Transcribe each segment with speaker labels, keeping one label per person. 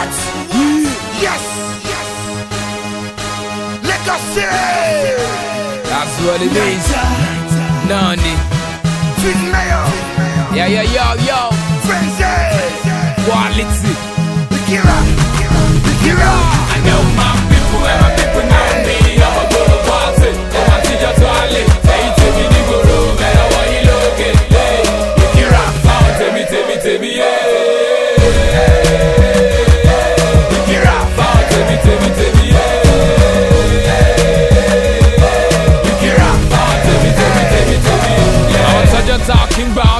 Speaker 1: once. Yes. yes. Legacy. That's
Speaker 2: what it is. Nani.
Speaker 1: Twin Mayo. Yeah, yeah, yo, yo. Frenzy.
Speaker 2: Quality.
Speaker 1: Bikira. Bikira.
Speaker 3: I know my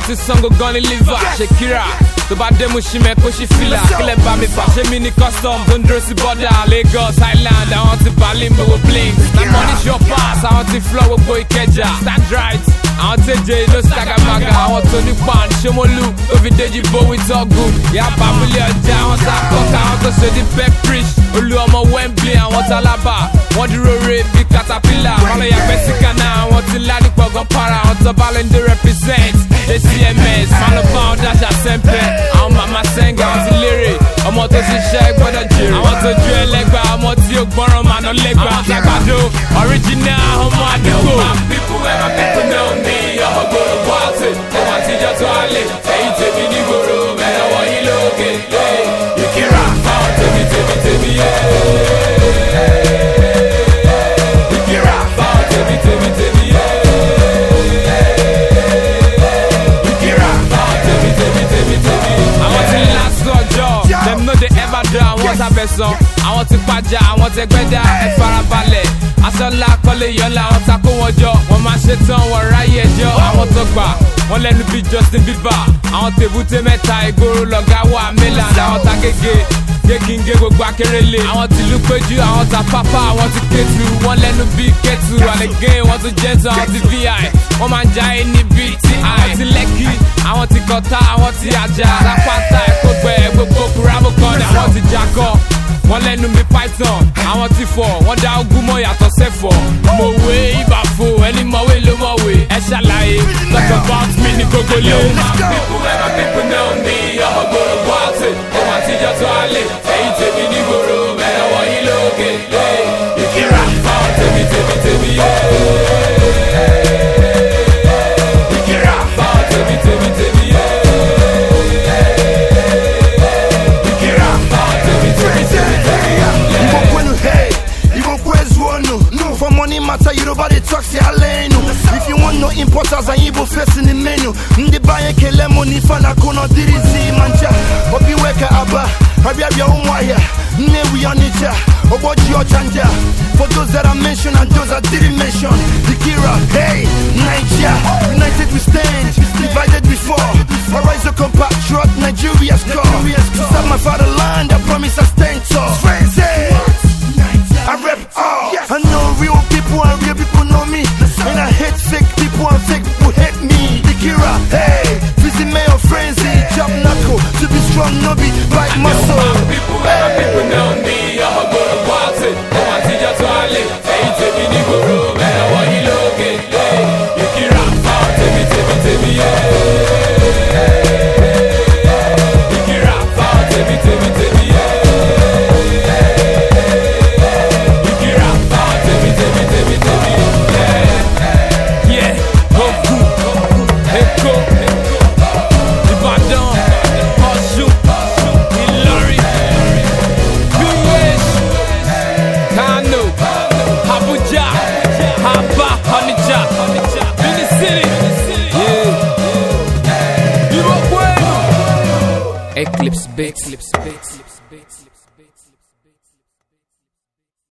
Speaker 2: tí Ṣàngó gan ni liver Shakira tó bá dé Mushin kó ṣí fìlà kílẹ̀ bá mi fà ṣé mi ní custom tó ń dúró sí bọ́dà Lagos Island àwọn ti Berlin gbogbo blink na money sure pass àwọn ti floor gbogbo Ìkẹjà stand right àwọn tẹ̀jẹ̀ ló ṣàgàmàgà àwọn tó ní pan Ṣómólú tó fi déjì bówí tọ́gùn yàbá múlẹ̀ ọjà àwọn tá àwọn tó ṣe ní pepperidge olú ọmọ Wembley àwọn tálábà wọ́n dúró re bí caterpillar wọ́n yàgbẹ́ sí kànáà àwọn ti ládìpọ̀ gan para àwọn tó bá ń dé represent. I'm àtàgbàdo the ọmọ
Speaker 3: people people know me ọmọ gbòòrò bọ́ọ̀sì ọmọ àtijọ́ tó á
Speaker 2: mẹ́sàn-án àwọn ti pàjá àwọn ti gbẹ́dá ẹ farabalẹ̀ aṣọ ńlá kọ́lé yọ̀ọ́lá àwọn takó wọn jọ wọn máa ṣe tán wọn ráyè ẹjọ́ àwọn tó gbà wọn lẹ́nu bíi Justin Bieber àwọn tèbúté mẹ́ta ìgboro lọ́gá wà Milan àwọn ta gègé gégéńgé gbogbo akérèlé àwọn tìlú péjú àwọn tàpápá àwọn ti kétu wọn lẹ́nu bíi kẹtù àlẹgẹ wọn tún jẹtù àwọn ti vi wọn máa ń já ẹ níbi I àwọn ti lẹ́kì àwọn ti kọta àwọn ti àjà lápáta ẹ̀kọ́ gbẹ gbogbo kúrámù kan ni àwọn ti jakọ́ python àwọn ti fọ wọ́n dá ogún mọ́ yàtọ̀ sẹ́fọ̀ mọ̀wé ìbàfo
Speaker 3: ẹni mọ̀wé ló mọ̀wé ẹ ṣàlàyé talk about me ní gogolé. people ever people know me ọmọ gbòòrò bọ́ọ̀tì ohun àtijọ́ tó a lè ẹ̀yìn tèmi ní gbòòrò mẹ́rẹ̀wọ̀ yìí lóògè.
Speaker 1: For money matter, you don't buy the trucks, yeah, I you. If you want no importers, I am evil face in the menu. Ndi buy a kele money, fan, I kuna dirizi manja. Obi weka aba, abi your ya wire. Ne we on it, yeah. About your chanja. For those that I mentioned and those that didn't mention. The Kira, hey, Nigeria. United we stand, divided we fall. Arise a compact, short Nigeria's
Speaker 3: Eclipse Bits. Eclipse Bits.